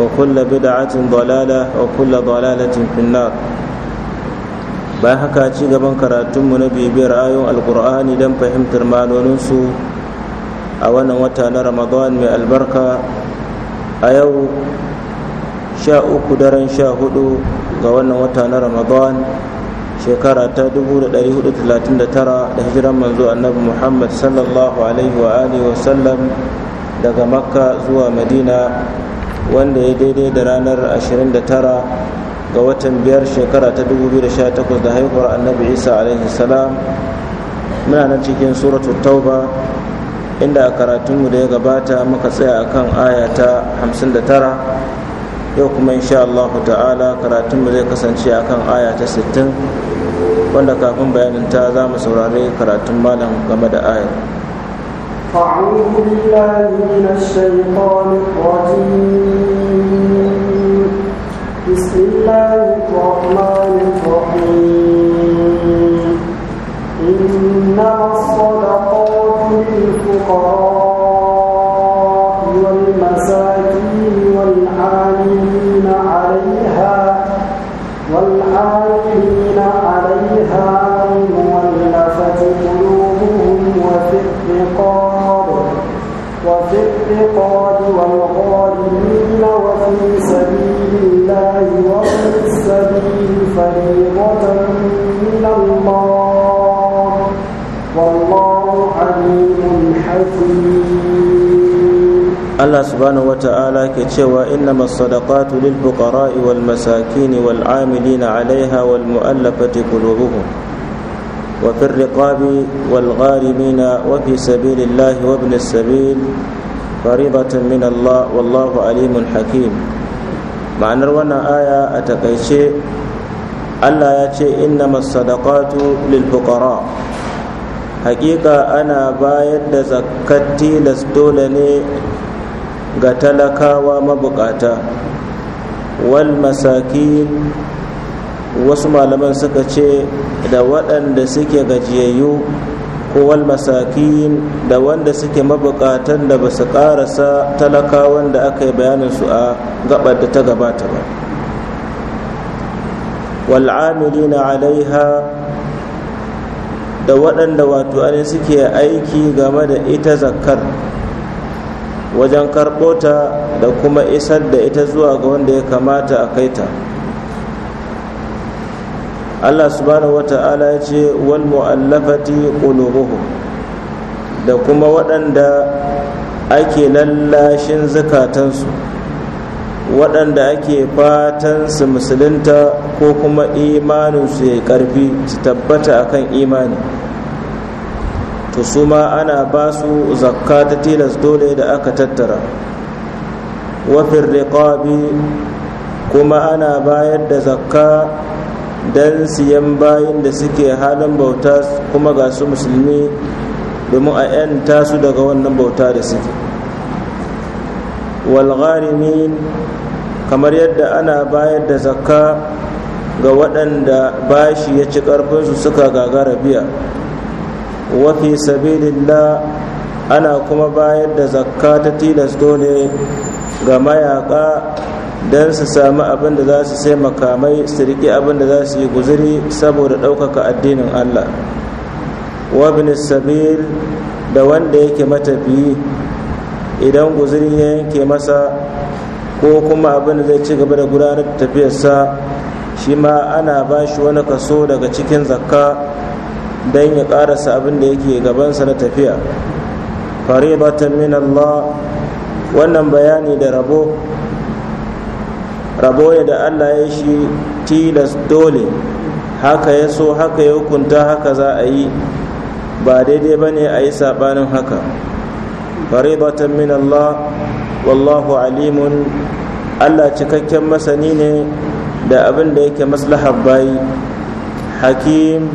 وكل بدعة ضلالة وكل ضلالة في النار bayan haka ci gaban karatunmu na bibiyar ayon alkur'ani don fahimtar ma'anoninsu a wannan wata na ramadan mai albarka a yau sha uku daren ga wannan wata na ramadan shekara ta 1439 da hijiran manzo annabi muhammad sallallahu alaihi wa alihi daga makka zuwa madina wanda ya daidai da ranar 29 ga watan biyar shekara ta 2018 da haihuwar annabi isa alaihi salam muna nan cikin suratu tauba inda a karatunmu da ya gabata muka tsaya akan aya ta 59 yau kuma insha Allah ta'ala karatunmu zai kasance akan aya ta 60 wanda kafin bayanin ta za mu saurari karatun malam game da ayar أعوذ بالله من الشيطان الرجيم الله الرحمن الرحيم إنما الصدقات للفقراء subhanahu wata'ala ke cewa innama sadaqatu lil fuqara'i wal masakin wal amilina 'alaiha wal mu'allafati qulubuhum wa fir riqabi wal gharimina wa fi sabilillahi wa ibn as-sabil faridatan min Allah wallahu alimun hakim ma'anar wannan aya a takaice Allah ya ce innama sadaqatu lil fuqara' hakika ana bayar da zakati tilas dole ne ga talakawa mabukata wal masakin wasu malaman suka ce da waɗanda suke gajiyayyu ko wal masakin da wanda suke mabukatan da ba su ƙarasa talakawan da aka yi bayanin su a gabar da ta gabata ba wal wal'amilina alaiha da waɗanda wato anin suke aiki game da ita zakkar wajen karɓo ta da kuma isar da ita zuwa ga wanda ya kamata a kai ta allah subhanahu wata'ala ya ce wal mu'allafati qulubuhum da kuma waɗanda ake lallashin zukatansu waɗanda ake fatan su musulunta ko kuma imaninsu ya ƙarfi su tabbata akan imani to su ma ana ba su zakka ta tilas dole da aka tattara wafin riƙabi kuma ana bayar da zakka don siyan bayin da suke halin bauta kuma ga su musulmi domin a 'yanta su daga wannan bauta da suke walgharimin kamar yadda ana bayar da zakka ga waɗanda bashi ya ci ƙarfinsu suka gagara biya wa sabilillah ana kuma bayar da zakka ta tilas dole ga mayaka don su sami abin da za su sai makamai su riƙe abin da za su yi guzuri saboda ɗaukaka addinin Allah wabin sabil da wanda yake matafiyi idan guzuri ya yanke masa ko kuma abin da zai ci gaba da gudanar da tafiyarsa shi ma ana ba shi wani kaso daga cikin zakka don ya karasa abin da yake gabansa na tafiya faribatan min Allah wannan bayani da rabo rabo ne da Allah ya shi tilas dole haka ya so haka ya hukunta haka za a yi ba daidai ba ne a yi saɓanin haka faribatan min Allah wallahu alimun Allah cikakken masani ne da abin da yake maslahar bayi hakim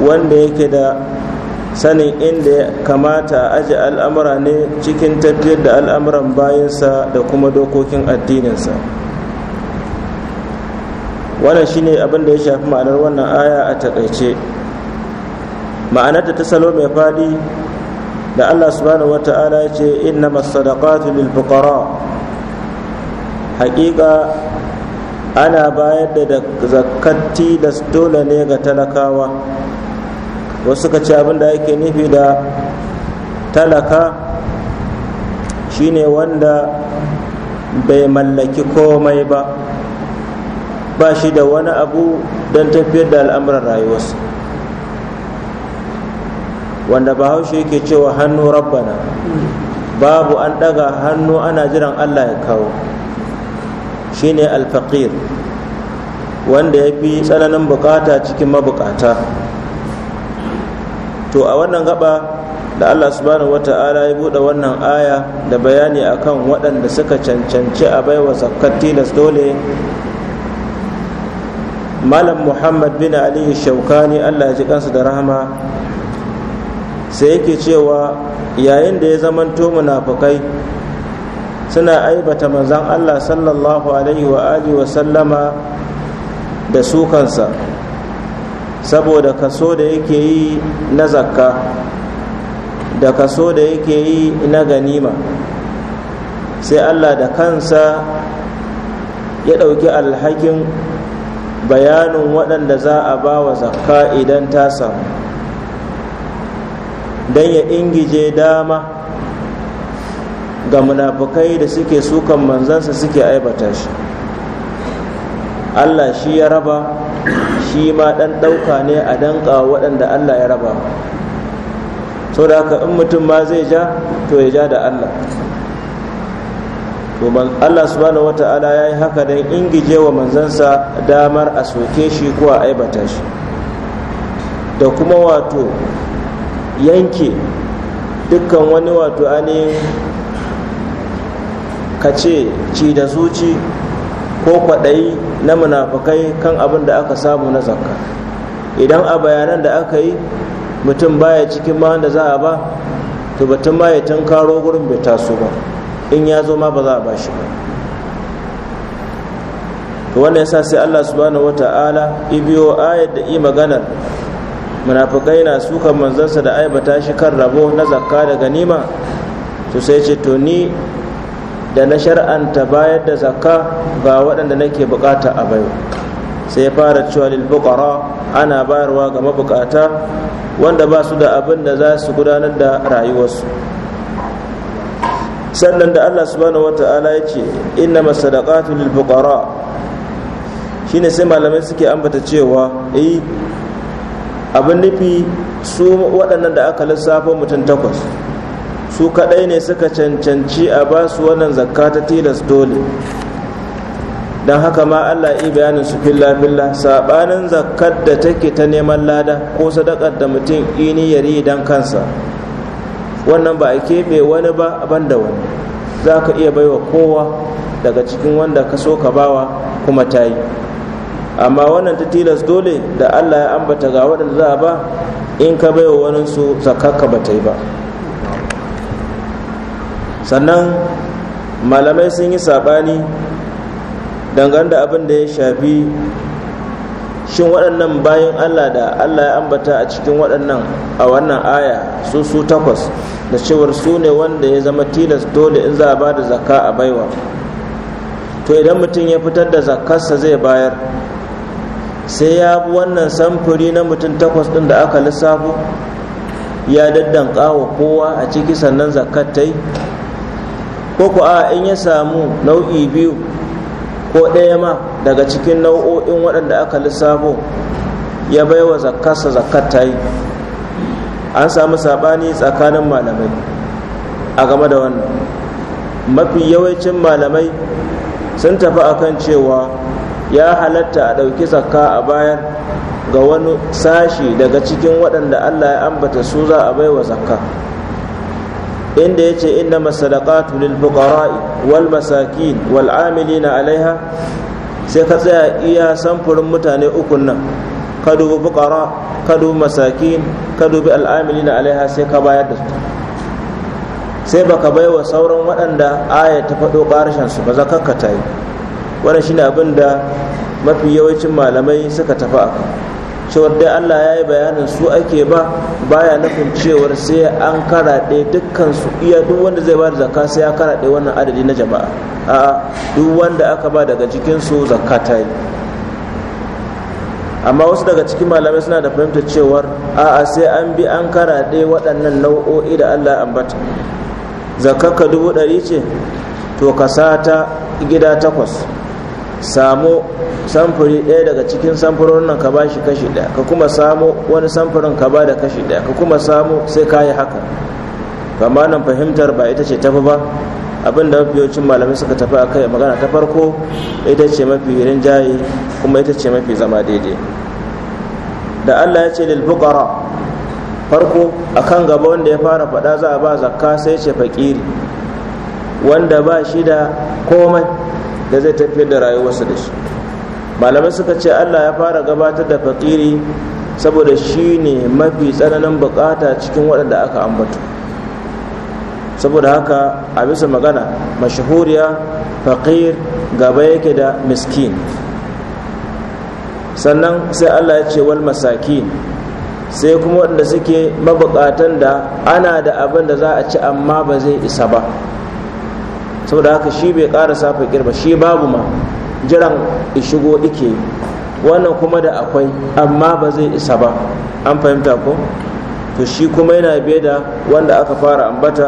wanda yake da sanin inda ya kamata a aji al'amura ne cikin tafiyar da al'amuran bayansa da kuma dokokin addininsa wannan shine abin da ya shafi ma'anar wannan aya a takaice ma'anarta ta salo mai faɗi da allah subhanahu ta'ala ya ce inna masadaqatu lil fuqara haƙiƙa ana bayar da zakatti da dole ne ga talakawa wasu suka ce abin da ake nufi da talaka shine wanda bai mallaki komai ba ba shi da wani abu don tafiyar da al'amuran rayuwarsa wanda ba bahaushe yake cewa hannu rabbana babu an ɗaga hannu ana jiran allah ya kawo shine alfaqir wanda ya fi tsananin bukata cikin mabukata to a wannan gaba da Allah subhanahu wata'ala ya buɗe wannan aya da bayani akan waɗanda suka cancanci a baiwa zakkar tilas dole malam muhammad bin aliyu shaukani Allah ya ji kansu da rahama sai yake cewa yayin da ya zamanto munafukai suna aibata manzan Allah sallallahu alaihi wa alihi wa sallama da sukansa saboda kaso da yake yi na zakka da kaso da yake yi na ganima sai allah da kansa ya ɗauki alhakin bayanin waɗanda za a ba wa zakka idan ta samu don ya ingije dama ga munafukai da suke sukan manzansa suke aibata shi allah shi ya raba shi ma ɗan ɗauka ne a danƙa waɗanda Allah ya raba sau da haka in mutum ma zai ja to ya ja da Allah to Allah subhanahu wata'ala ya yi haka don ingije wa manzansa damar a soke shi ko a aibata shi da kuma wato yanke dukkan wani wato ainihin ka ce ci da zuci ko kwaɗayi na munafukai kan abin da aka samu na zakka idan a bayanan da aka yi mutum baya cikin ma da za a ba to batun ma ya tunkaro gurin bai taso ba in ya zo ma ba za a ba shi ba to wannan yasa sai Allah subhanahu wata'ala ibiyo ayat da yi maganar munafukai na sukan manzansa da aibata shi kan rabo na zakka da ganima to sai ce to ni da na shar'anta bayar da zakka ga waɗanda nake bukata a bayo sai fara cewa lil ana bayarwa ga mabukata wanda ba su da abin da za su gudanar da rayuwarsu sannan da Allah subhanahu wata'ala ya ce inna masadaqatu lil Shi shine sai malamai suke ambata cewa eh abin nufi su waɗannan da aka lissafo mutum takwas su kaɗai ne suka cancanci a ba su wannan zakka ta tilas dole don haka ma allah yi bayanin su filla filla saɓanin zakkar da take ta neman lada ko sadakar da mutum ini ya don kansa wannan ba a keɓe wani ba ban da wani za ka iya baiwa kowa daga cikin wanda ka so ka bawa kuma ta yi amma wannan ta tilas dole da allah ya ambata ga waɗanda za a ba in ka baiwa wani su ka ba ta yi ba sannan malamai sun yi saɓani dangane da abin da ya shafi shin waɗannan bayan allah da allah ya ambata a cikin waɗannan a wannan aya su su takwas da cewar su ne wanda ya zama tilas dole in za a ba da zakka a baiwa to idan mutum ya fitar da zakkarsa zai bayar sai ya bi wannan samfuri na mutum takwas ɗin da aka lissafo ya daddanka wa kowa a ciki sannan zakkar ta yi ko ku a in ya samu nau'i biyu ko ɗaya ma daga cikin nau'o'in waɗanda aka lissafo ya baiwa zakarsa zakar ta yi an samu saɓani tsakanin malamai a game da wannan mafi yawancin malamai sun tafi akan cewa ya halatta a ɗauki zakka a bayan ga wani sashi daga cikin waɗanda allah ya ambata su za a baiwa zakka inda yace innama sadaqatu lil fuqara'i wal masakin wal amilina alaiha sai ka tsaya iya samfurin mutane ukun nan ka dubi fuqara ka dubi masakin ka dubi al amilina alaiha sai ka bayar da su sai baka baiwa sauran waɗanda aya ta faɗo ƙarshen su ba zakakka ta yi wannan shine abin da mafi yawancin malamai suka tafi akan cewar dai Allah ya yi bayanin su ake ba baya nufin cewar sai an karaɗe dukkan iya duk wanda zai ba da zakka sai ya karaɗe wannan adadi na jama'a a'a duk wanda aka ba daga cikin su zakka ta yi amma wasu daga cikin malamai suna da fahimtar cewar a'a sai an bi an karaɗe waɗannan nau'o'i da Allah ya ambata ka dubu ɗari ce to ka sata gida takwas samu samfuri ɗaya daga cikin samfurorin nan ka ba shi kashi ɗaya ka kuma samu wani samfurin ka ba da kashi ɗaya ka kuma samu sai ka yi haka amma nan fahimtar ba ita ce tafi ba abin da mafiyocin malamai suka tafi a kai magana ta farko ita ce mafi rinjaye kuma ita ce mafi zama daidai da allah ya ce lil farko farko akan gaba wanda ya fara faɗa za a ba zakka sai ce fakiri wanda ba shi da komai da zai tafiyar da rayuwarsa da shi malamai suka ce allah ya fara gabatar da fakiri saboda shi ne mafi tsananin bukata cikin waɗanda aka ambatu. saboda haka a bisa magana mashahuriya fakir gaba yake da miskin sannan sai allah ya ce wal masakin sai kuma waɗanda suke mabukatan da ana da abin da za a ci amma ba zai isa ba saboda haka shi bai kara safa kirba. shi babu ma jiran ishigo ike wannan kuma da akwai amma ba zai isa ba an fahimta ko to shi kuma yana biye da wanda aka fara ambata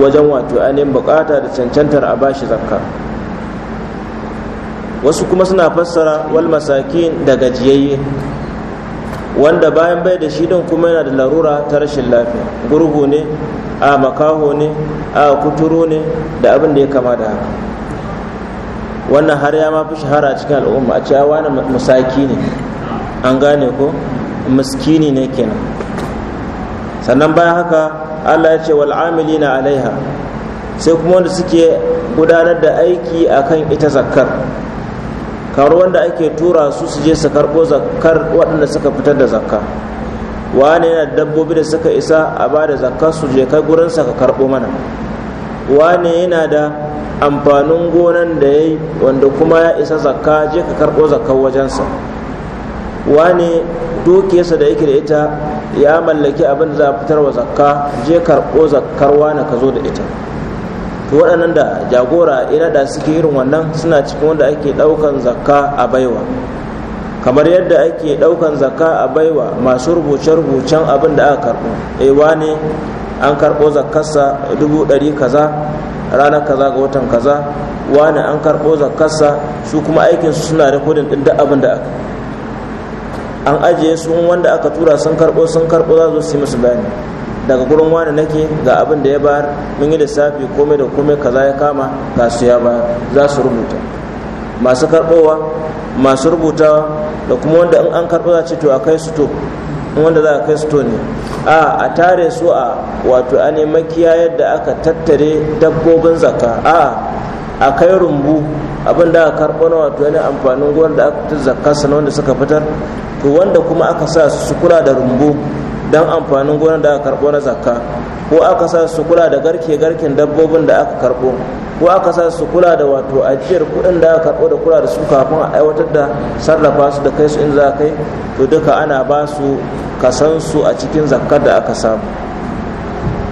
wajen wato ainihin bukata da cancantar a bashi zakka wasu kuma suna fassara wal masakin da gajiyayye wanda bayan bai da shi din kuma yana da larura ta rashin lafiya gurgu ne a makaho ne a kuturo ne da abin da ya kama da haka wannan har ya mafi shahara cikin al'umma a cewa wani musaki ne an gane ko miskini ne kenan sannan bayan haka allah ya ce wal'amili na alaiha sai kuma wanda suke gudanar da aiki akan ita zakkar karuwan da ake tura su su je su karɓo zakkar waɗanda suka fitar da zakka wane yana dabbobi da suka isa a ba da zakarsu je kai gurinsa ka karbo mana wane yana da amfanin gonan da ya wanda kuma ya isa zakka je ka karɓo zakkar wajensa wane dukiyarsa da yake da ita ya mallaki abin da za a fitar wa zakka je karɓo zakkar wane ka zo da ita to waɗannan da jagora ya da suke irin wannan suna cikin wanda ake ɗaukan zakka a baiwa kamar yadda ake ɗaukan zakka a baiwa masu rubuce-rubucen abin da aka karɓo ewa eh, ne an karɓo zakkarsa dubu ɗari kaza ranar kaza ga watan kaza wani an karɓo zakkarsa su kuma aikinsu suna rikodin ɗin duk abin da aka an ajiye su wanda aka tura sun karɓo sun karbo za su yi musu bayani daga gurin wani nake ga abin da ya bayar mun yi lissafi komai da komai kaza ya kama ga su ya bayar za su rubuta masu karbowa masu rubutawa da kuma wanda in an karɓa za ce to a kai su to wanda za a kai su to ne a a tare su a wato a makiya yadda aka tattare dabbobin zaka a a kai rumbu abin da aka karɓo na wato ne amfanin gwar da aka fitar zakka sanar wanda suka fitar to wanda kuma aka sa su kula da rumbu don amfanin gonar da aka karbo na zakka ko aka sa su kula da garke garken dabbobin da aka karbo ko aka sa su kula da wato ajiyar kuɗin da aka karbo da kula da su kafin a aiwatar da sarrafa su da kai su in za kai to duka ana ba su kasan su a cikin zakkar da aka samu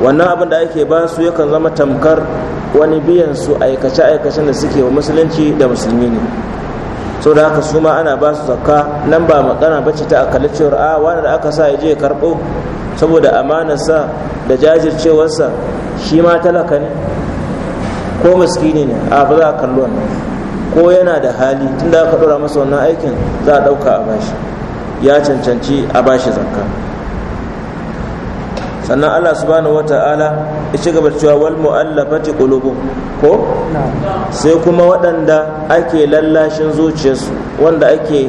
wannan abin da ake ba su yakan zama tamkar wani biyan su aikace-aikacen da suke wa musulunci da musulmi ne so da haka su ma ana ba su zakka nan ba magana bace ta akalla cewar a ah, wani da aka sa ya je ya karɓo saboda amanar sa da jajircewarsa shi ma talaka ne ko miskini ne a ba za a kalli wannan ko yana da hali tunda aka ɗora masa wannan aikin za a ɗauka a bashi ya cancanci a bashi zakka sannan Allah subhanahu wata'ala ya ci gaba cewa wal mu'allafati qulubuh ko sai kuma waɗanda ake lallashin zuciyarsu wanda ake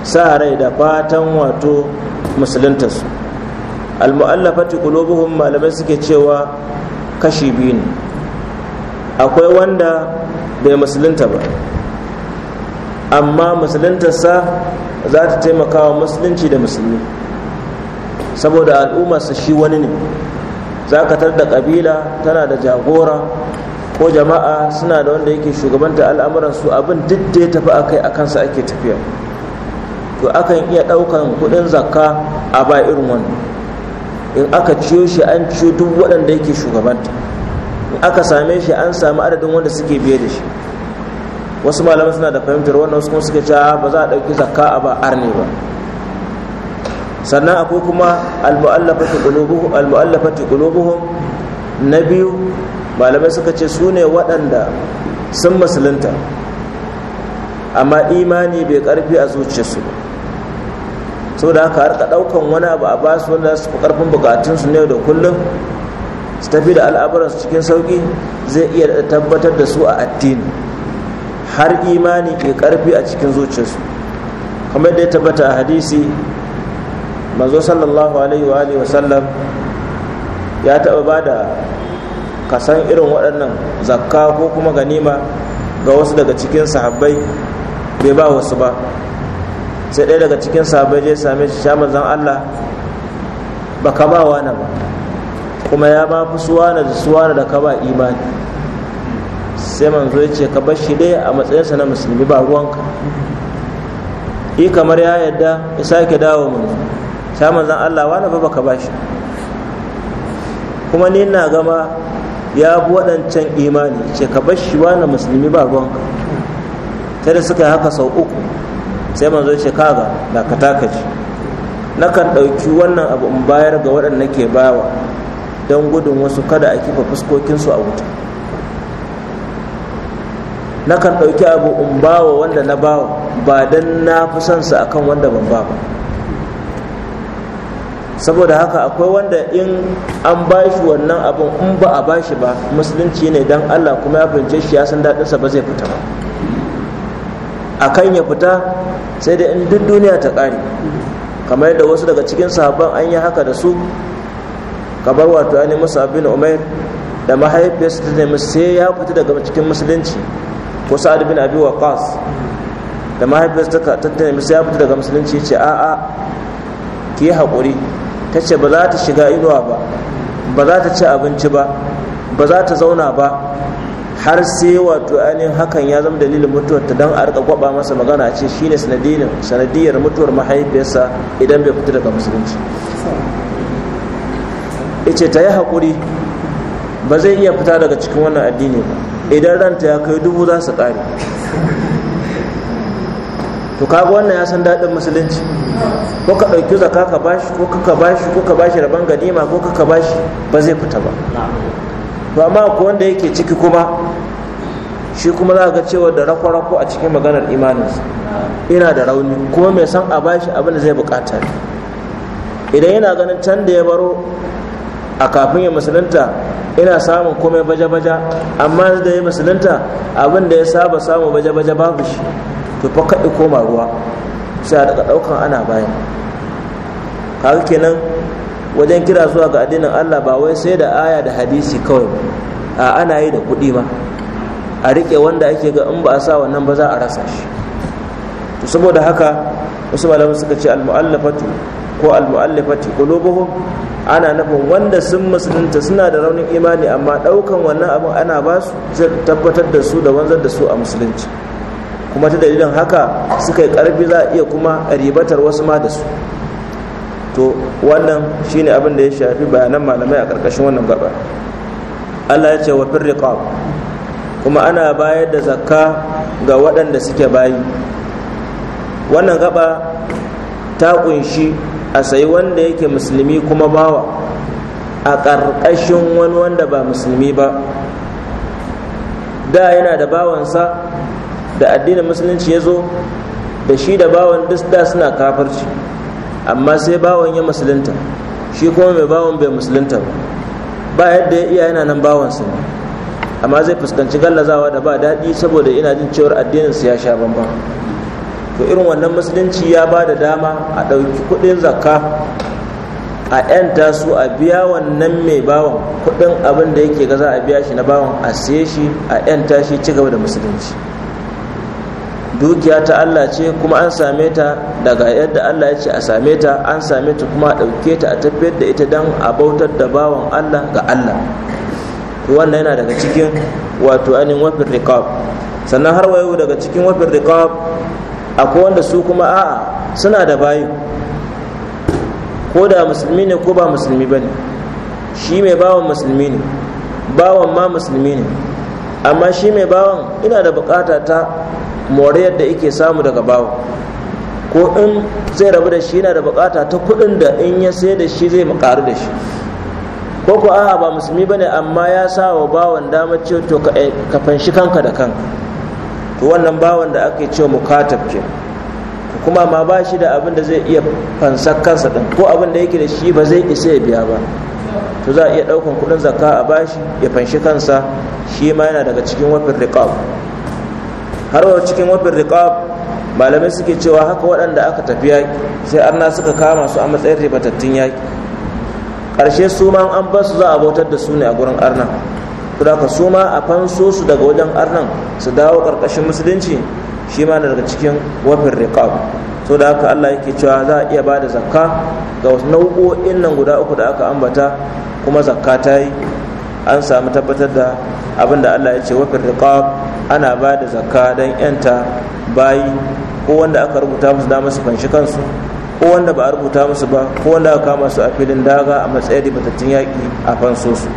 sa rai da fatan wato musuluntarsu al mu'allafati qulubuhum malamai suke cewa kashi biyu ne akwai wanda bai musulunta ba amma musuluntarsa za ta taimaka wa musulunci da musulmi saboda al'ummarsa shi wani ne zakatar da kabila tana da jagora ko jama'a suna da wanda yake shugabanta al'amuransu abin duk da ya tafi a kai a kansa ake tafiya to akan iya ɗaukan kuɗin zakka a ba irin wannan in aka ciyo shi an ciyo duk waɗanda yake shugabanta in aka same shi an samu adadin wanda suke biye da shi wasu malamai suna da fahimtar wannan wasu kuma suke cewa ba za a ɗauki zakka a ba arne ba sannan akwai kuma almu'allafati qulubuhum na biyu malamai suka ce sune ne waɗanda sun musulunta amma imani bai karfi a zuciyarsu ba so da haka harka ɗaukan wani abu a basu wanda su karfin ƙarfin bukatunsu ne da kullum su tafi da su cikin sauki zai iya tabbatar da su a addini har imani ke karfi a cikin zuciyarsu kamar da ya tabbata a hadisi manzo sallallahu alaihi wa alihi wasallam ya taɓa ba da kasan irin waɗannan zakka ko kuma ganima ga wasu daga cikin sahabbai bai ba wasu ba sai ɗaya daga cikin sahabbai je same shi sha manzon Allah ba ka ba wani ba kuma ya ba fi suwana da suwana da ka ba imani sai manzo ya ce ka bashi shi dai a matsayinsa na musulmi ba ruwanka i kamar ya yadda ya sake dawo manzo ta manzan Allah wani ba baka ba shi kuma ni na gama ya bi waɗancan imani ce ka bar shi wani musulmi ba ruwanka ta da suka yi haka sau uku sai manzo ce kaga da ka na kan ɗauki wannan abu in bayar ga waɗanda ke bawa don gudun wasu kada a kifa fuskokinsu a wuta na kan ɗauki abu in bawa wanda na bawa ba don na fi son su akan wanda ban ba ba saboda haka akwai wanda in an bashi wannan abin in ba a bashi ba musulunci ne dan Allah kuma ya bince shi ya san daɗinsa ba zai fita ba a kan ya fita sai da in duk duniya ta ƙare kamar yadda wasu daga cikin sahabban an yi haka da su kamar wato ya nemi sabbin umar da mahaifiyarsa ta nemi sai ya fita daga cikin musulunci ko sa'ad bin abi waqas da mahaifiyarsa ta nemi sai ya fita daga musulunci ya ce a'a ki yi haƙuri ta ce ba za ta shiga inuwa ba ba za ta ci abinci ba ba za ta zauna ba har sai wato ainihin hakan ya zama dalilin mutuwarta don a rika kwaba masa magana a ce shine sanadiyar mutuwar mahaifiyarsa idan bai fita daga musulunci ce ta yi haƙuri ba zai iya fita daga cikin wannan addini ba idan ranta ya kai dubu za su ƙare to kaga wannan ya san daɗin musulunci ko ka ɗauki zaka ka bashi ko ka bashi ko ka bashi rabon ganima ko ka bashi ba zai fita ba to amma ko wanda yake ciki kuma shi kuma za ga cewa da rako-rako a cikin maganar imaninsa ina da rauni kuma mai san a bashi abin da zai bukata idan yana ganin can da ya baro a kafin ya musulunta ina samun komai baja-baja amma da ya musulunta abin da ya saba samun baje-baje babu shi to fa kaɗi koma ruwa sai a daga daukan ana bayan kaga kenan wajen kira zuwa ga addinin Allah ba wai sai da aya da hadisi kawai a ana yi da kuɗi ma a riƙe wanda ake ga in ba a sa wannan ba za a rasa shi to saboda haka wasu malamai suka ce almu'allafatu ko almu'allafati qulubuhum ana nufin wanda sun musulunta suna da raunin imani amma daukan wannan abin ana ba su zai tabbatar da su da wanzar da su a musulunci kuma ta dalilin haka suka yi karfi za a iya kuma ribatar wasu ma da su to wannan shine abin da ya shafi bayanan malamai a karkashin wannan gaba Allah ya ce wa fir riqab kuma ana bayar da zakka ga waɗanda suke bayi wannan gaba ta ƙunshi a sayi wanda yake musulmi kuma bawa a ƙarƙashin wani wanda ba musulmi ba da yana da bawansa da addinin musulunci ya zo da shi da bawan da suna kafirci amma sai bawan ya musulunta shi kuma mai bawan bai musulunta ba ba yadda ya iya yana nan bawansa ne amma zai fuskanci gallazawa da ba daɗi saboda ina jin cewar addininsu ya sha bambam to irin wannan musulunci ya ba da dama a ɗauki kuɗin zakka a 'yanta su a biya wannan mai bawan kuɗin abin da yake ga za a biya shi na bawan a siye shi a 'yanta shi ci gaba da musulunci dukiya ta Allah ce kuma an same ta daga yadda Allah ya ce a same ta an same ta kuma a ɗauke ta a tafiyar da ita don a bautar da bawan Allah ga Allah wannan yana daga cikin wato anin wafin riqab sannan har wayo daga cikin wafin riqab akwai wanda su kuma a'a suna da bayu. ko da musulmi ne ko ba musulmi ba ne shi mai bawan musulmi ne bawan ma musulmi ne amma shi mai bawan ina da bukata ta more yadda yake samu daga bawo. ko in zai rabu da shi yana da bukata ta kudin da in ya sai da shi zai makaru da shi ko ko a'a ba musulmi bane amma ya sa wa bawan dama cewa to eh, ka fanshi kanka da kanka to wannan bawan da ake cewa mukatab ke kuma ma ba shi da abin da zai iya fansar kansa din ko abin da yake da shi ba zai isa ya biya ba to za a iya daukan kudin zakka a bashi ya fanshi kansa shi ma yana daga cikin wafin riqab har wa cikin wafin riqab malamai suke cewa haka waɗanda aka tafi yaƙi sai arna suka kama su a matsayin ribatattun yaƙi ƙarshe su ma an ba su za a bautar da su ne a gurin arna saboda su ma a fanso su daga wajen arnan su dawo karkashin musulunci shi ma daga cikin wafin riqab so da haka Allah yake cewa za a iya bada zakka ga wasu nau'o'in nan guda uku da aka ambata kuma zakka ta yi an samu tabbatar da abin da Allah ya ce wafin riqab ana ba da zakka don yanta bayi ko wanda aka rubuta musu da masu fanshi kansu ko wanda ba a rubuta musu ba ko wanda aka kama su a filin daga a matsayin ribatattun yaƙi a fanso su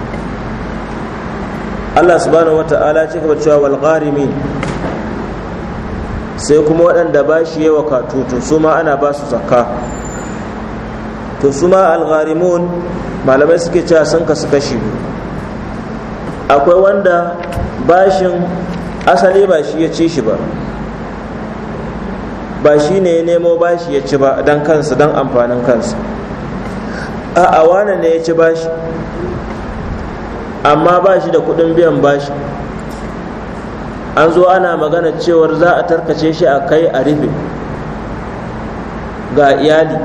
Allah subhanahu wata'ala ce cewa wal gharimi sai kuma waɗanda ba shi yawa tutu su ma ana ba su zakka to su ma al gharimun malamai suke cewa sun kasu kashi akwai wanda bashin asali ba shi ya ci shi ba ba shi ne ya nemo bashi ya ci ba don kansa don amfanin kansa a awana ne ya ci bashi amma ba shi da kudin biyan bashi an zo ana magana cewar za a tarkace shi a kai a rufe ga iyali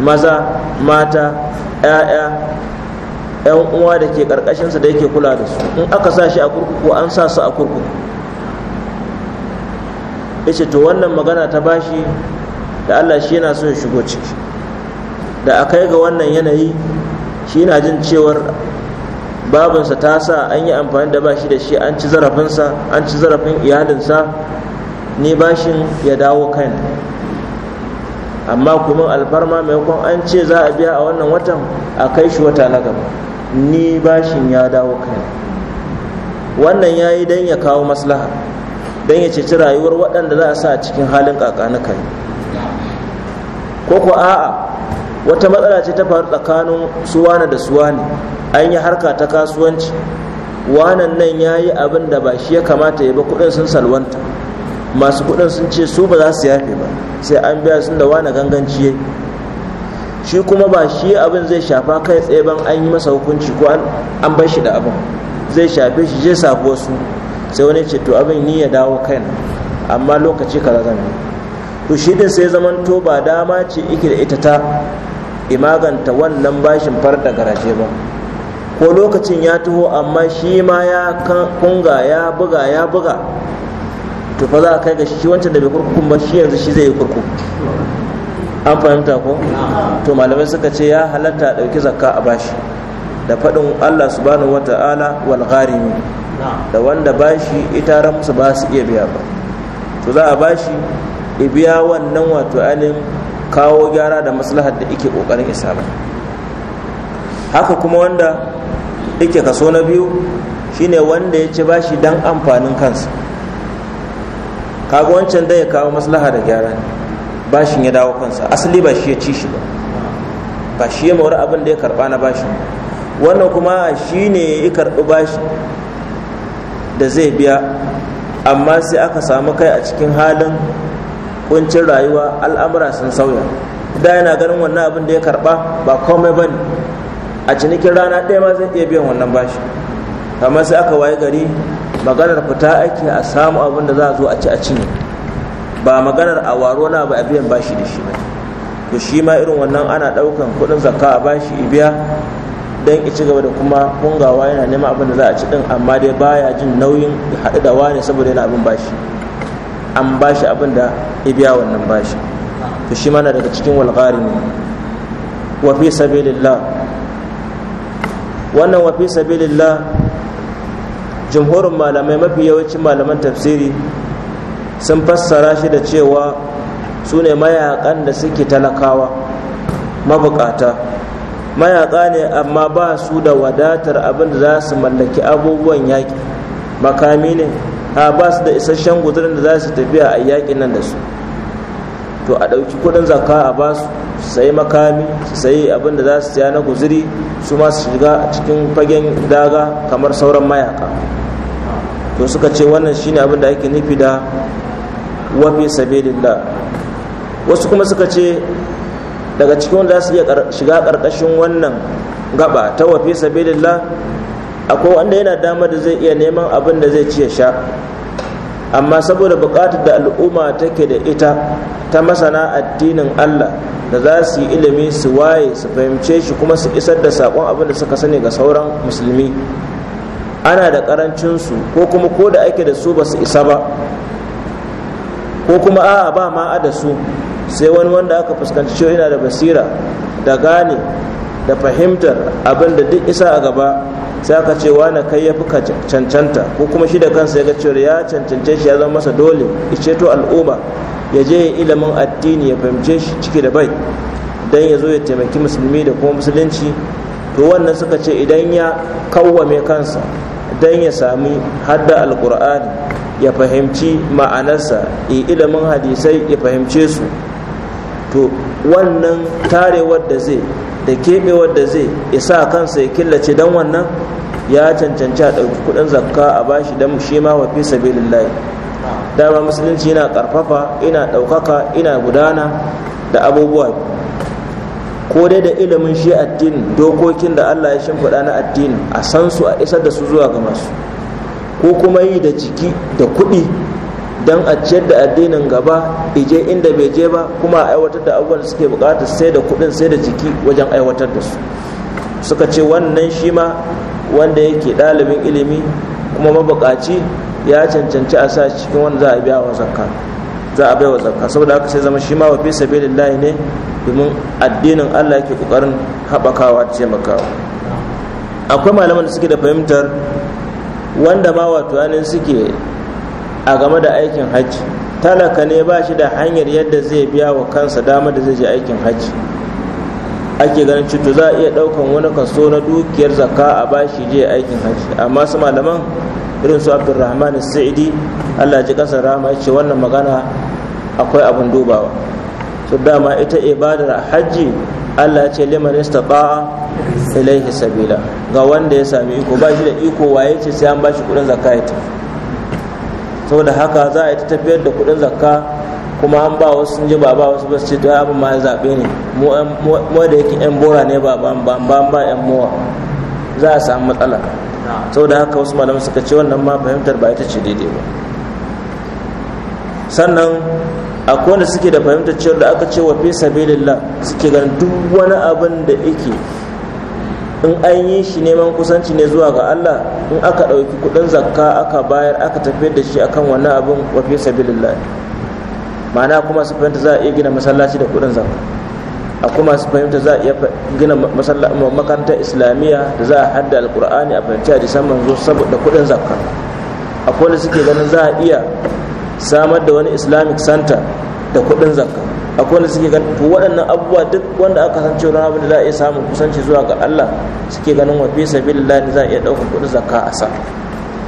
maza mata 'ya'ya yan uwa da ke karkashinsa da yake kula da su in aka sa shi a kurkuku an sa su a kurkuku yace to wannan magana ta bashi da Allah shi yana so ya shigo ciki da akai ga wannan yanayi shi na jin cewar babinsa ta sa an yi amfani da bashi da shi an ci zarafinsa an ci zarafin iyalinsa ne bashin ya dawo kan amma kuma alfarma maimakon an ce za a biya a wannan watan a kai shi wata na gaba ni bashin ya dawo kai wannan ya yi don ya kawo maslaha don ya ceci rayuwar waɗanda za a sa cikin halin kakani kai ko ko a'a wata matsala ce ta faru tsakanin wane da suwane an yi harka ta kasuwanci wanan nan ya yi abin da ba shi ya kamata ya ba kuɗin sun salwanta masu kuɗin sun ce su ba za su yafe ba sai an biya sun da wane ganganci shi kuma ba shi abin zai shafa kai tsaye ban an yi masa hukunci ko an bar shi da abin zai shafe shi zai safi wasu sai wani ce to abin ni ya dawo na amma lokaci kaza zan yi to shi din sai zaman to ba dama ce ike da ita ta imaganta wannan bashin far da garaje ba ko lokacin ya taho amma shi ma ya kunga ya buga ya buga to fa za a kai ga shi wancan da bai kurkukun ba shi yanzu shi zai yi kurkuku an fahimta ko to malamai suka ce ya halatta ɗauki zakka a bashi da faɗin allah subhanahu wa ta'ala wal gharimi da wanda bashi ita ran ba su iya biya ba to za a bashi i biya wannan wato ainihin kawo gyara da maslahar da ike ƙoƙarin isa ba haka kuma wanda ike kaso na biyu shine wanda ya ci bashi dan amfanin kansa kaga wancan dai ya kawo maslaha da gyara ne bashin ya dawo kansa asali ba shi ya ci shi ba ba shi ya mawar abin da ya karba na bashin wannan kuma shi ne ya karbi bashi da zai biya amma sai aka samu kai a cikin halin kuncin rayuwa al'amura sun sauya da yana ganin wannan abin da ya karba ba komai ba ne a cinikin rana ɗaya ma zai iya biyan wannan bashi amma sai aka waye gari maganar fita ake a samu abin da za a zo a ci a cinye ba maganar a waro na ba a biyan bashi da shi ba to shi ma irin wannan ana ɗaukan kuɗin zakka a bashi biya dan ki ci gaba da kuma kungawa yana neman abin da za a ci din amma dai baya jin nauyin ya haɗu da wani saboda yana abin bashi an bashi abin da ya biya wannan bashi to shi ma na daga cikin walƙari ne wa fi sabilillah wannan wa fi sabilillah jumhurin malamai mafi yawancin malaman tafsiri sun fassara shi da cewa su ne mayakan da suke talakawa mabukata mayaka ne amma ba su da wadatar abin da za su mallaki abubuwan yaƙi makami ne ha ba su da isasshen guzirin da za su tafiya a yaƙin nan da su to a ɗauki kudin zakka a ba su sayi makami su sayi abin da za su siya na guziri su ma su shiga cikin fagen daga kamar sauran mayaka to suka ce wannan shine abin da ake nufi da wa fi sabilillah wasu kuma suka ce daga cikin wanda za su iya shiga karkashin wannan gaba ta wa fi sabilillah akwai wanda yana damar da zai iya neman abin da zai ci ya sha amma saboda buƙatar da al'umma take da ita ta masana addinin Allah da za su yi ilimi su waye su fahimce shi kuma su isar da saƙon abin da suka sani ga sauran musulmi ana da karancinsu ko kuma ko da ake da su ba su isa ba ko kuma a'a ba ma a da su sai wani wanda aka fuskanci cewa yana da basira da gane da fahimtar abin da duk isa a gaba sai aka ce wani kai ya fi cancanta ko kuma shi da kansa ya ga cewa ya cancance shi ya zama masa dole to al'umma ya je ya ilimin addini ya fahimce shi ciki da bai don ya zo ya taimaki musulmi da kuma musulunci to wannan suka ce idan ya kawwame kansa don ya sami hadda alkur'ani ya fahimci ma'anarsa ilimin hadisai ya fahimce su to wannan tarewar da zai da keɓewar da zai ya sa kansa ya killace don wannan ya cancanci a ɗauki kuɗin zakka a bashi don shi ma wa fi sabilillahi dama musulunci yana ƙarfafa ina ɗaukaka ina gudana da abubuwa ko dai da ilimin shi addini dokokin da Allah ya shimfiɗa na addini a san su a isar da su zuwa ga masu ko kuma yi da jiki da kuɗi don a ciyar da addinin gaba ije inda bai je ba kuma a aiwatar da abubuwan da suke bukatar sai da kuɗin sai da jiki wajen aiwatar da su suka ce wannan shi ma wanda yake ɗalibin ilimi kuma mabukaci ya cancanci a sa cikin wanda za a biya wa zakka a saboda haka sai zama shi ma wa fi sabilillahi ne domin addinin Allah yake kokarin haɓakawa da taimakawa akwai malaman da suke da fahimtar wanda ba wato yanin suke a game da aikin hajji talaka ne ba shi da hanyar yadda zai biya wa kansa dama da zai je aikin hajji ake ganin cuto za a iya ɗaukan wani kaso na dukiyar zakka a bashi je aikin hajji amma su malaman irin su abdulrahman sa'idi allah ji kasar rahama ce wannan magana akwai abin dubawa su dama ita ibadar hajji Allah ce liman istata ilaihi sabila ga wanda ya sami iko ba shi da iko waye ce sai an bashi kudin zakka ya tafi saboda haka za a yi ta tafiyar da kudin zakka kuma an ba wasu sun ji ba ba wasu ba su ce to abin ma zaɓe ne mu da yake yan bora ne ba ba ba ba yan mowa za a samu matsala saboda haka wasu malamu suka ce wannan ma fahimtar ba ita ce daidai ba sannan akwai wanda suke da fahimtar cewa da aka ce wa fi sabilillah suke ganin duk wani abin da yake in an yi shi neman kusanci ne zuwa ga Allah in aka ɗauki kuɗin zakka aka bayar aka tafi da shi akan wani abin wa fi sabilillah ma'ana kuma su fahimta za a iya gina masallaci da kuɗin zakka a kuma su fahimta za a iya gina makarantar islamiyya da za a hadda alkur'ani a fahimci a disan manzo saboda kuɗin zakka akwai wanda suke ganin za a iya samar da wani islamic center da kudin zakka akwai wanda suke ganin to waɗannan abubuwa duk wanda aka san cewa abin da za a iya samun kusanci zuwa ga Allah suke ganin wa fi sabilillah ne za a iya ɗaukar kuɗin zakka a sa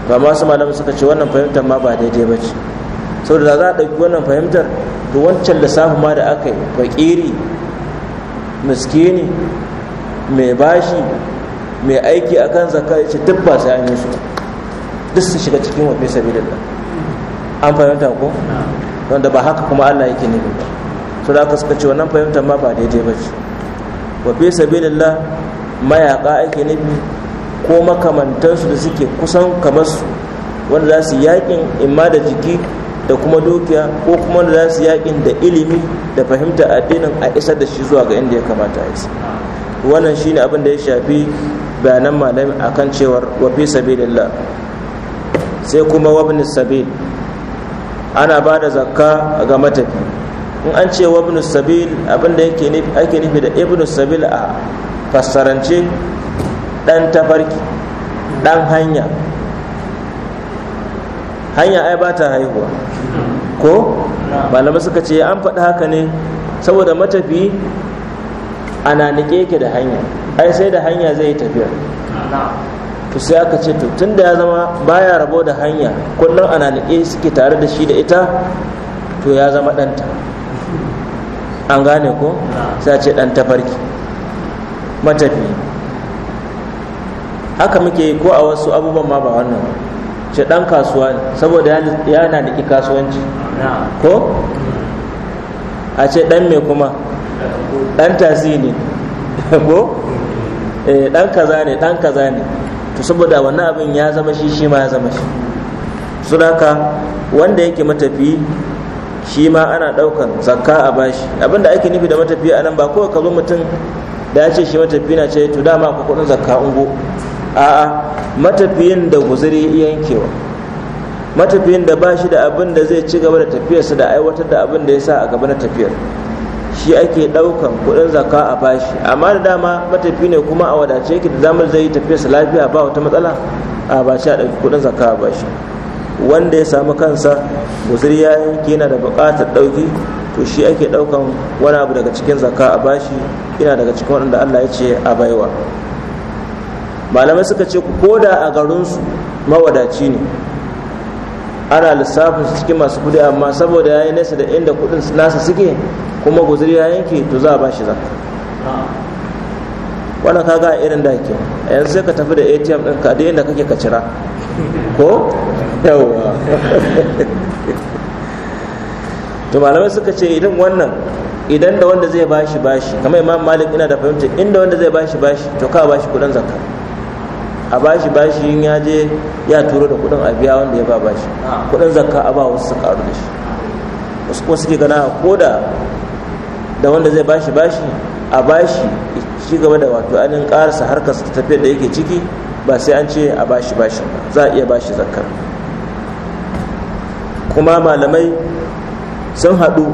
ba ma su malamu suka ce wannan fahimtar ma ba daidai ba ce saboda za a ɗauki wannan fahimtar to wancan lissafin ma da aka yi fakiri miskini mai bashi mai aiki akan zakka ya ce duk ba sai an yi su duk su shiga cikin wa fi sabilillah an fahimta ko wanda ba haka kuma Allah yake nufi ba su da aka suka ce wannan fahimtar ma ba daidai ba ce wa fi sabilillah mayaka ake nufi ko makamantansu da suke kusan kamar su wanda za su yakin imma da jiki da kuma dukiya ko kuma da za su yakin da ilimi da fahimta addinin a isar da shi zuwa ga inda ya kamata a isa wannan shine abin da ya shafi bayanan malami akan cewar wa fi sabilillah sai kuma wabni sabil ana ba da zakka ga matafi in an ce wa ibn sabil abinda ake nufi da ibn sabil a fassarance dan tafarki dan hanya hanya ai ba ta haihuwa ko malamai suka ce an faɗi haka ne saboda matafi ana nike ke da hanya ai sai da hanya zai yi tafiya to sai aka ce to tunda ya zama baya rabo da hanya kullum ana nike eh suke tare da shi da ita to ya zama ɗanta an gane ko sai ce ɗan tafarki matafi haka muke yi ko a wasu abubuwan ma ba wannan ce ɗan kasuwa ne saboda na da kasuwanci ko a ce ɗan mai kuma ɗan tasiri ne ko eh, ɗan kaza ne ɗan kaza ne to saboda wannan abin ya zama shi shi ma ya zama shi sun wanda yake matafi shi ma ana daukan zakka a bashi abin da ake nufi da matafi a nan ba kawai ka zo mutum da ya ce shi matafi na ce to dama ku kuɗin zakka ungo a'a matafiyin da guzuri yankewa matafiyin da ba shi da abin da zai ci gaba da tafiyarsa da aiwatar da abin da ya sa a gaba na tafiyar shi ake ɗaukan kuɗin zaka a bashi amma da dama matafi ne kuma a wadace yake da zamar zai tafiya sa lafiya ba wata matsala a bashi a dauki kuɗin zaka a bashi wanda ya samu kansa guzuri ya yanke yana da bukatar ɗauki to shi ake ɗaukan wani abu daga cikin zaka a bashi yana daga cikin waɗanda Allah ya ce a baiwa malamai suka ce ko da a garinsu mawadaci ne ana lissafin su cikin masu kudi amma saboda ya yi nesa da inda kudin nasa suke kuma guzuri ya yanke to za a ba shi zakka wannan kaga a irin da ke yanzu sai ka tafi da atm din ka inda kake ka cira ko yawwa to malamai suka ce idan wannan idan da wanda zai bashi bashi kamar imam malik ina da fahimta inda wanda zai bashi bashi to ka bashi kudin zakka a bashi bashi in ya je ya turo da kudin a biya wanda ya ba bashi kudin zakka a ba wasu karu da shi wasu kuma suke gana ko da da wanda zai bashi bashi a bashi ci gaba da wato anin karasa harkar ta tafiyar da yake ciki ba sai an ce a bashi bashi ba za a iya bashi zakkar kuma malamai sun haɗu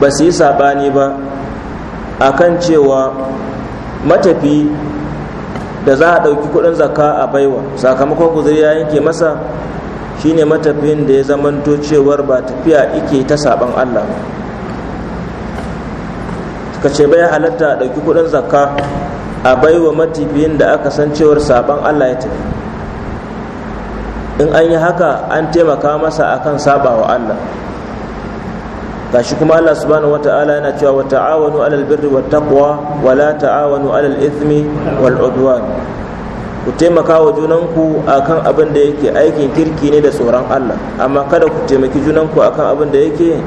ba su yi saɓani ba a kan cewa matafi da za a ɗauki kuɗin zakka a baiwa sakamakon guzuri ya yanke masa shine matafiyin da ya zamanto cewar ba tafiya ike ta saban Allah Ka ce bai halatta a ɗauki kuɗin zakka a baiwa matafiyin da aka san cewar saban Allah ya tafi in an yi haka an taimaka masa akan saba wa Allah gashi kuma Allah subhanahu wata'ala yana cewa wa ta'awanu alal birri wat taqwa wa la ta'awanu alal ithmi wal udwan ku taimaka wa junanku akan abin da yake aikin kirki ne da tsoron Allah amma kada ku taimaki junanku akan abin da yake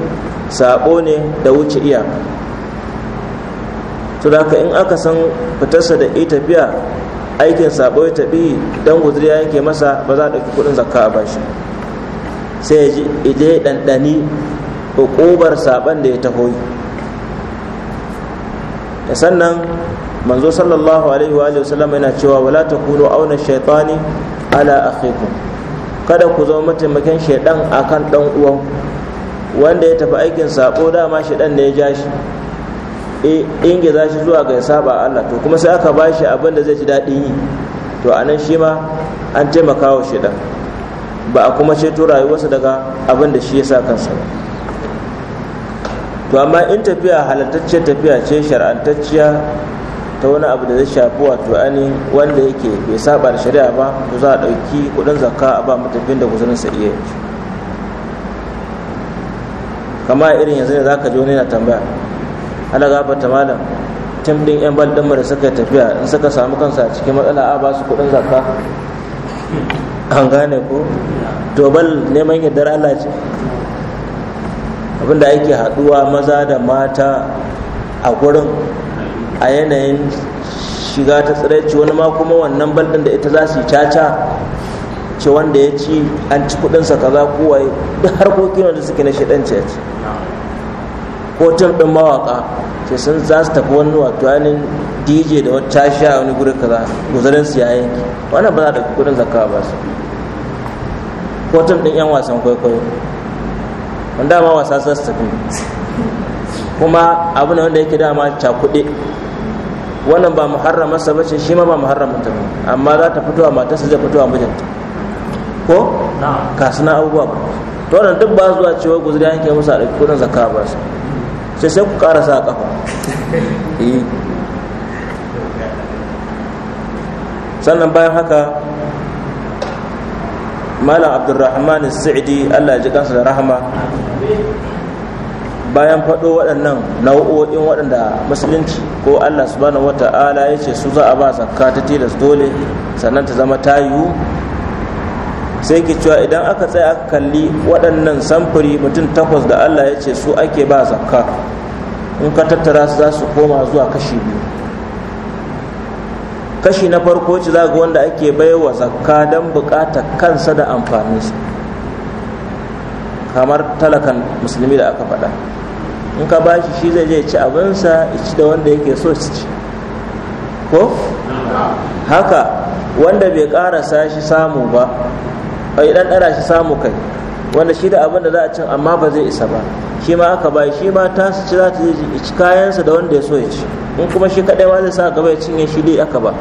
sabo ne da wuce iyaka to da in aka san fitarsa da ita tafiya aikin sabo ya tafi dan guzuri ya yanke masa ba za a ɗauki kuɗin zakka a bashi sai ya ji ije ɗanɗani ƙobar saban da ya taho sannan manzo sallallahu alaihi wa alihi wasallam yana cewa wala takunu auna shaytani ala akhikum kada ku zama mataimakin shaydan akan dan uwan wanda ya tafi aikin sabo dama shaydan ne ya ja shi e, ingiza shi zuwa ga saba Allah to kuma sai aka bashi abin da zai ji daɗin yi to anan shi ma an taimaka wa shaydan ba a kuma ceto rayuwarsa daga abin da shi ya sa kansa ba to amma in tafiya halartacciyar tafiya ce shar'antacciya ta wani abu da zai shafi wato ani wanda yake bai saba da shari'a ba to za a ɗauki kuɗin zakka a ba matafin da sa iya kama irin yanzu ne za ka ji wani na tambaya ana ta malam tim ɗin yan bal ɗinmu da suka tafiya in suka samu kansa a cikin matsala a ba su kuɗin zakka an gane ko to bal neman yardar Allah ce abinda ake haɗuwa maza da mata a gurin a yanayin shiga ta tsiraici wani ma kuma wannan balɗin da ita za su yi caca ce wanda ya ci an ci kudinsa kaza kowaye duk harkokin wanda suke na shaɗanci ya ci ko tim ɗin mawaƙa ce sun za su tafi wani wato yanin dj da wata tashi a wani guri kaza guzarin su yayin wannan ba za da kudin zakawa ba su ko tim ɗin yan wasan kwaikwayo wanda ma wasa za su tafi kuma abu ne wanda yake dama cakuɗe wannan ba muharramarsa ba ce shi ma ba muharramanta ba amma za ta fito a matarsa zai fito a mijinta ko ka suna abubuwa ba to wannan duk ba zuwa cewa guzuri an ke musa a ɗauki kudin zakka ba su sai sai ku ƙara sa ƙafa eh. sannan bayan haka malam abdulrahman sa'idi allah ya ji kansa da rahama bayan faɗo waɗannan nau'o'in waɗanda musulunci ko allah subhanahu ta'ala ya ce su za a ba zakka ta tilas dole sannan ta zama ta tayu sai ke cewa idan aka tsaya aka kalli waɗannan samfuri mutum takwas da allah ya ce su ake ba zakka in ka tattara su za su koma zuwa kashi biyu kashi na farko ce za ga wanda ake bai wa zakka don buƙatar kansa da amfaninsa kamar talakan musulmi da aka faɗa in ka ba shi shi zai je ci abinsa ya ci da wanda yake so su ci ko haka wanda bai karasa shi samu ba a dan dara shi samu kai wanda shi da abin da za a cin amma ba zai isa ba shi ma aka ba shi ma ta su ci za ta ci kayansa da wanda ya so ya ci in kuma shi kadai ma zai sa gaba ya cinye shi dai aka ba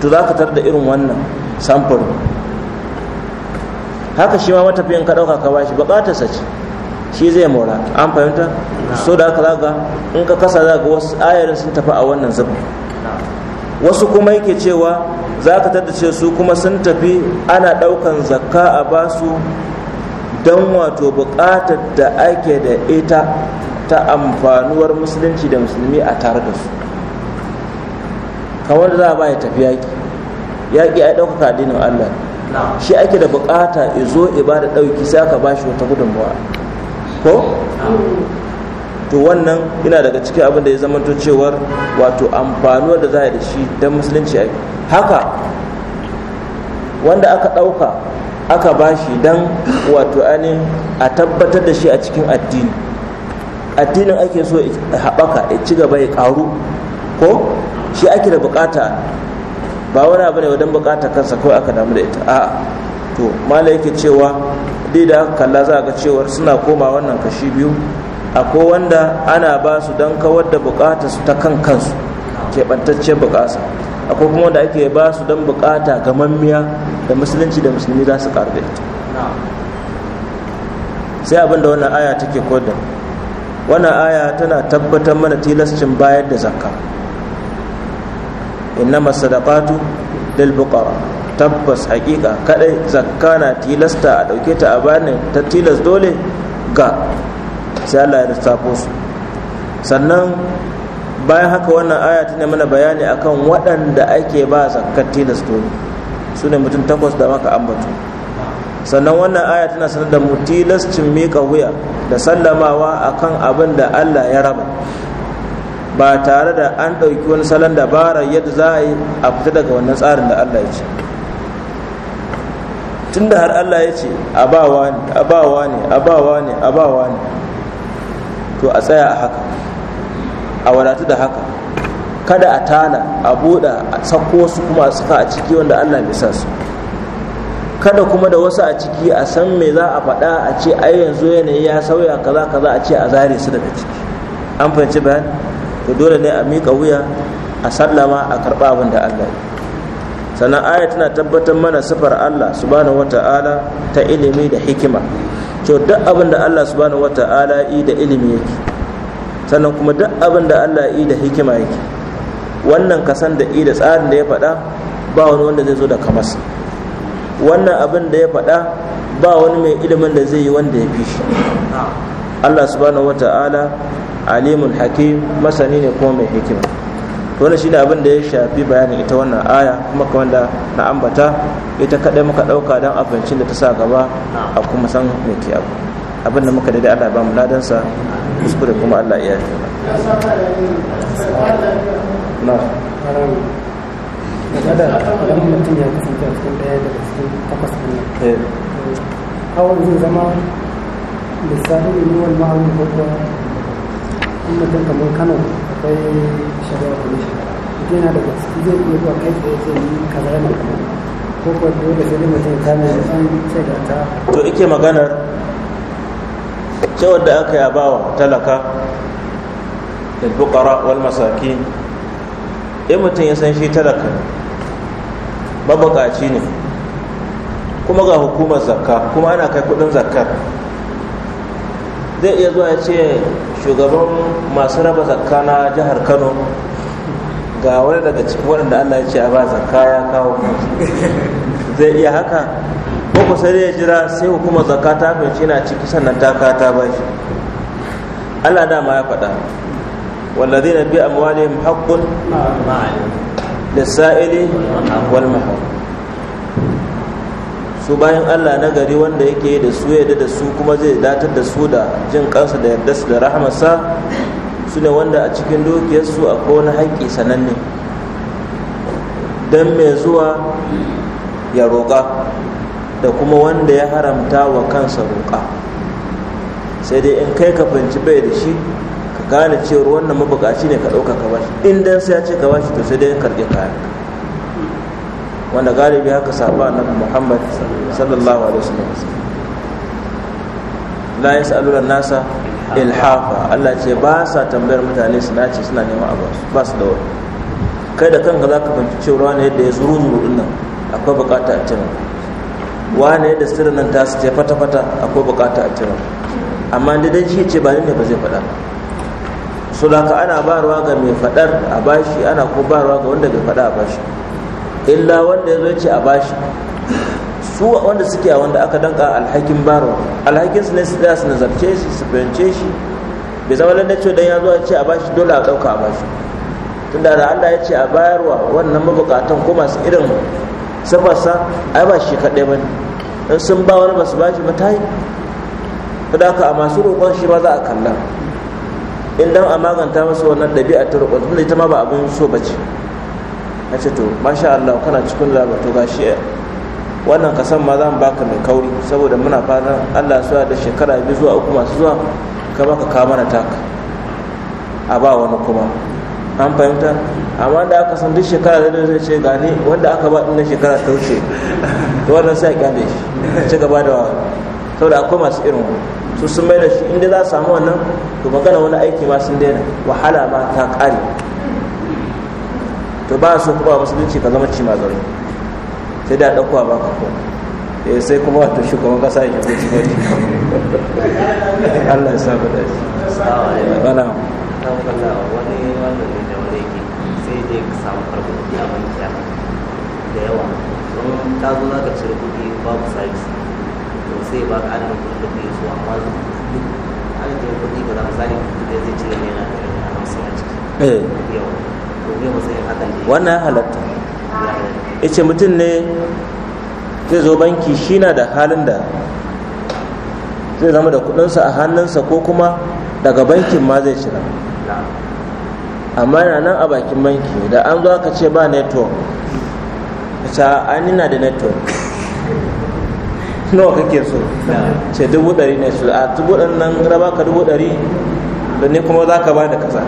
to za ka da irin wannan samfur haka shi ma matafiyan ka dauka ka bashi bukatarsa ce shi zai mora an fahimta so da aka zaga in ka kasa zaga wasu ayarin sun tafi a wannan zubin wasu kuma yake cewa za ka tattace su kuma sun tafi ana ɗaukan zakka a basu don wato buƙatar da ake da ita ta amfanuwar musulunci da musulmi a tare da su kamar da za a ba ya tafi yaƙi yaƙi a ɗaukaka addinin allah shi ake da buƙata izo ibada ɗauki sai aka ba shi wata gudunmawa ko to wannan yana daga cikin abin da ya zama cewar wato amfanuwar da za a yi da shi don musulunci a haka wanda aka ɗauka aka bashi don wato ainihin a tabbatar da shi a cikin addini addinin ake so haɓaka ya ci gaba ya ƙaru ko shi ake da bukata ba wani abu ne wajen bukata kansa kawai aka damu da ita a'a to mala yake cewa dai da aka kalla za ga cewar suna koma wannan kashi biyu akwai wanda ana ba su don kawar da bukata su ta kan kansu keɓantacciyar bukasa akwai kuma wanda ake ba su don bukata ga mammiya da musulunci da musulmi za su karbe sai abin da wannan aya take koda wannan aya tana tabbatar mana tilascin bayar da zakka inna sadaqatu lil tabbas hakika kadai zakka na tilasta a dauke ta a bani ta tilas dole ga sai Allah ya lissafo su sannan bayan haka wannan aya ta ne mana bayani akan waɗanda ake ba zakkar tilas dole su ne mutum takwas da maka ambatu sannan wannan aya tana sanar da mu tilascin miƙa wuya da sallamawa akan abin da Allah ya raba ba tare da an ɗauki wani salon dabara yadda za a yi a fita daga wannan tsarin da Allah ya ce Tun da har Allah ya ce abawa ne abawa ne abawa ne abawa ne to a tsaya a haka a wadatu da haka kada a tana a buɗa a sako wasu kuma a saka a ciki wanda Allah bai sa su kada kuma da wasu a ciki a san me za a faɗa a ce ai yanzu yanayi ya sauya kaza kaza a ce a zare su daga ciki an fahimci bayan to dole ne a mika wuya a sallama a karɓa abin da Allah ya sannan aya tana tabbatar mana sifar Allah subhanahu wata'ala ta ilimi da hikima to duk abin da Allah subhanahu wata'ala yi da ilimi yake sannan kuma duk abin da Allah yi da hikima yake wannan kasan da yi da tsarin da ya faɗa ba wani wanda zai zo da kamas wannan abin da ya faɗa ba wani mai ilimin da zai yi wanda ya fi shi Allah subhanahu wata'ala alimun hakim masani ne kuma mai hikima to shi ne abin da ya shafi bayanin ita wannan aya kuma kamar da na ambata ita kadai muka ɗauka don abincin da ta sa gaba a kuma san mai ke abu abin da muka daidai Allah ba mu ladan sa kuskure kuma Allah ya yi na a eh. zama shari'a to ike maganar cewar da aka yi wa talaka da bukara wal masaki in mutum ya san shi talaka mabukaci ne kuma ga hukumar zakka kuma ana kai kudin zakkar zai iya zuwa ya ce shugaban masu raba zakka na jihar kano ga wani daga cikin waɗanda allah ya ce a ba zakka ya kawo zai iya haka ko sai ya jira sai hukumar zakka ta fahimci na ciki sannan ta ka ta bashi allah dama ya faɗa haqqun بأموالهم حق wal mahrum su bayan Allah na gari wanda yake da su yadda da su kuma zai datar da su da jin kansa da yarda su da rahamarsa su ne wanda a cikin dukiyarsu a wani haƙƙi sananne don mai zuwa ya roƙa da kuma wanda ya haramta wa kansa roƙa sai dai in kai ka fahimci bai da shi ka gane cewar wannan mabukaci ne ka ɗauka ka bashi in dan sai ya ce ka bashi to sai dai karɓi kayan wanda galibi haka saba na Muhammad sallallahu alaihi wasallam la yas'aluna nasa ilhafa Allah ce ba sa tambayar mutane su nace suna neman abu ba su da wani kai da kanka za ka fahimci cewa ne yadda ya zuru zuru din nan akwai bukata a cire Wani yadda sirrin nan ta su ce fata fata akwai bukata a cire amma da dan shi ce ba ne ba zai faɗa so da ka ana barwa ga mai faɗar a bashi ana ko barwa ga wanda bai faɗa a bashi illa wanda ya zo ce a bashi su wanda suke a wanda aka danka alhakin baro alhakin su ne su tsaya su nazarce shi su fahimce shi bai zama lalle ce dan ya zo a ce a bashi dole a ɗauka a bashi tunda da Allah ya ce a bayarwa wannan mabukatan ko masu irin safarsa ai ba shi kaɗai ba ne in sun ba wani ba su ba shi ba ta yi da haka a masu roƙon shi ma za a kalla in dan a maganta masu wannan ɗabi'a ta roƙon tunda ita ma ba abin so ba ce na ce to masha Allah kana cikin labar to gashi eh, wannan kasan ma za mu baka mai kauri saboda muna fatan Allah suwa da shekara biyu zuwa uku masu zuwa ka baka kama na taka a ba wani kuma an fahimta amma da aka san duk shekara da zai ce gani wanda aka ba ɗin shekara ta wuce to wannan sai a kyale shi ci gaba da saboda akwai masu irin su sun mai da shi inda za su samu wannan to magana wani aiki ma sun daina wahala ma ta ƙare to ba su kuma musulunci ka zama cima zaune sai da ɗauko ba ka ko eh, sai kuma wato shugaban kasa ya shigo cikin wani Allah ya sa mu dace bana wani wanda ne da wani yake sai dai ka samu karɓar kuɗi a banki da yawa don ka zo za ka cire kuɗi babu sabis to sai ba ka adana kuɗi da su amma duk adadin kuɗi ka za misali kuɗi da zai cire naira ɗari a hamsin a ciki eh. yawa wannan halatta ya ce mutum ne zai zo banki shi na da halin da zai zama da kudinsa a hannunsa ko kuma daga bankin ma zai cira amma yana nan a bakin banki da an zo aka ce ba network ta an yana da network nawa kake so ce dubu dari ne su a dubu ɗan nan raba ka dubu dari? da ne kuma za ka ba da kasa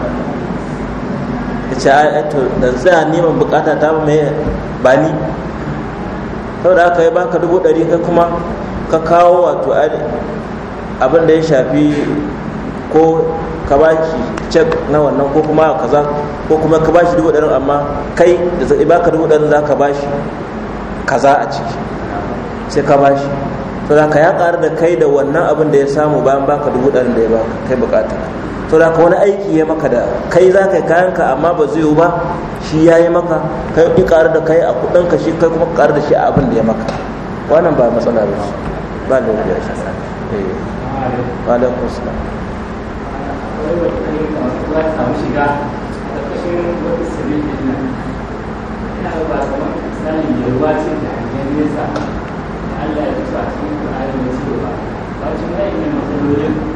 ce a to da za neman ban bukata ta ba mai ba ni saboda yi ba ka dubu ɗari kai kuma ka kawo wato abin da ya shafi ko ka ba shi cek na wannan ko kuma kaza ko kuma ka ba shi dubu ɗarin amma kai da zai baka dubu ɗarin za ka ba shi kaza a ciki sai ka ba shi da ka ya ƙaru da kai da wannan abin da ya samu bayan ka dubu ɗarin da ya ba kai bukata to da wani aiki ya maka da kai za ka kayan ka amma ba zai ba shi ya yi maka kai ki ƙarar da kai a kuɗin ka shi kai kuma ƙarar da shi a abin da ya maka wannan ba matsala ba ba da wuri shi ba da kusa ba ya you.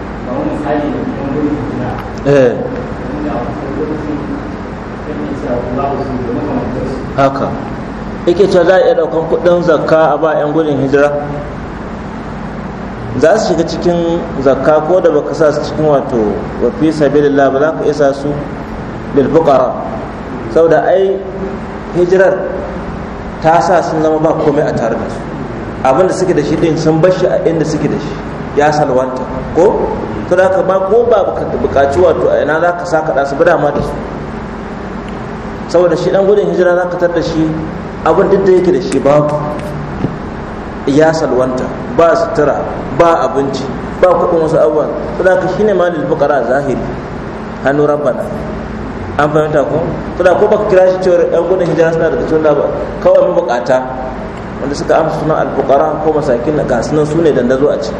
Eh. haka yake cewa za a iya daukan kudin zakka a ba 'yan gudun hijira za su shiga cikin zakka ko da baka sa su cikin wato wafi sabilillah ba za ka isa su bil fuqara saboda ai hijirar ta sa sun zama ba komai a tare da su abinda suke da shi din sun bashi a inda suke da shi ya salwanta ko to da ka ba ko ba bukaci wato a ina za ka sa kaɗa su bada ma da su saboda shi ɗan gudun hijira za ka tar da shi abin duk da yake da shi ba ya salwanta ba sutura ba abinci ba kuɗin wasu abubuwa to da ka shi ne malil bukara zahiri hannu rabbana an fahimta ko to da ko baka kira shi cewa ɗan gudun hijira suna daga cikin ba kawai mabukata wanda suka amsa sunan alfukara ko masakin na gasunan su ne dandazo a ciki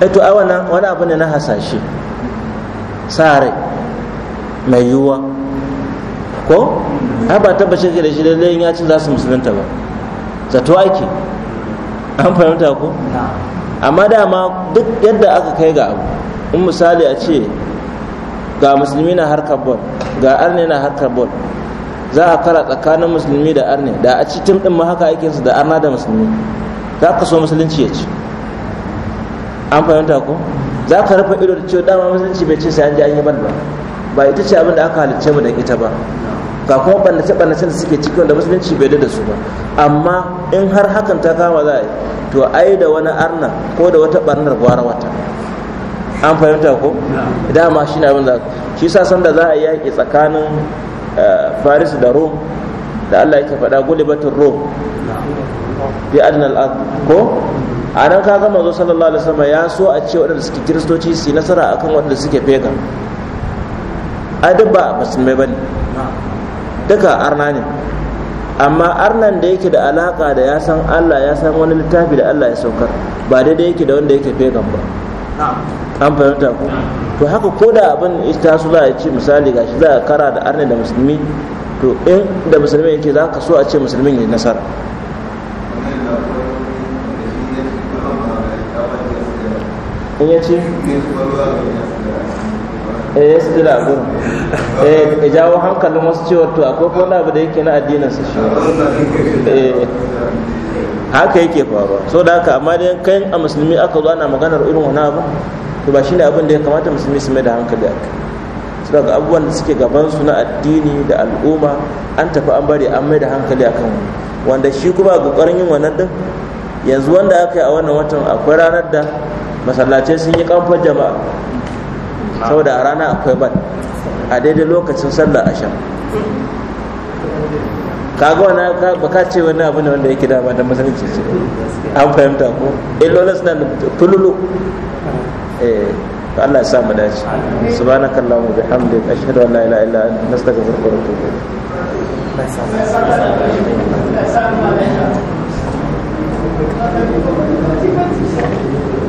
eto eh a wannan wani abu ne na hasashe tsare mai yiwuwa ko a ba taba ke da shi lallai ya ci za su musulunta ba zato ake an fahimta ko amma dama duk yadda aka kai ga abu in misali a ce ga musulmi na harkar bol ga arne na harkar bol za a kara tsakanin musulmi da arne da a cikin din ma haka aikinsu da arna da musulmi za ka so musulunci ya ci an fahimta ko za ka rufe ido da cewa dama musulunci bai ce sai an ji an yi ban ba ba ita ce abin da aka halicce mu dan ita ba ga kuma ballace ballacen da suke ciki wanda musulunci bai da su ba amma in har hakan ta kama za a yi to ai da wani arna ko da wata barnar gwara wata an fahimta ko dama shi na abin da shi sa sanda za a yaƙi tsakanin faris eh, da rom da allah ya ke faɗa gulibatin rom bi adnal ard ko a nan kaga manzo sallallahu alaihi wasallam ya so a ce waɗanda suke kiristoci su nasara akan waɗanda suke fega A da ba musulmai bane duka arna ne amma arnan da yake da alaka da ya san Allah ya san wani littafi da Allah ya saukar ba daidai yake da wanda yake fegan ba an fahimta ku to haka ko da abin ita su za a ce misali gashi za a kara da arna da musulmi to in da musulmi yake za ka so a ce musulmin ya nasara ya ce eh ya da abu eh ya jawo hankalin wasu cewar to akwai wani abu da yake na addinin su shi eh, haka yake faruwa so da haka amma da kai a musulmi aka zo ana maganar irin wani abu to ba shi ne abin da ya kamata musulmi su mai da hankali a su daga abubuwan da suke gaban su na addini da al'umma an tafi an bari an mai da hankali akan kan wanda shi kuma a kokarin yin wannan din yanzu wanda aka yi a wannan watan akwai ranar da masallacai sun yi kamfan jama'a saboda a rana akwai ban a daidai lokacin sallar asha kaga wani ba ka ce wani abu ne wanda yake dama da masallaci ce an fahimta ko illolin suna da tululu eh Allah ya sa mu dace subhanakallahumma bihamdika ashhadu an la ilaha illa anta nastaghfiruka wa natubu ilayk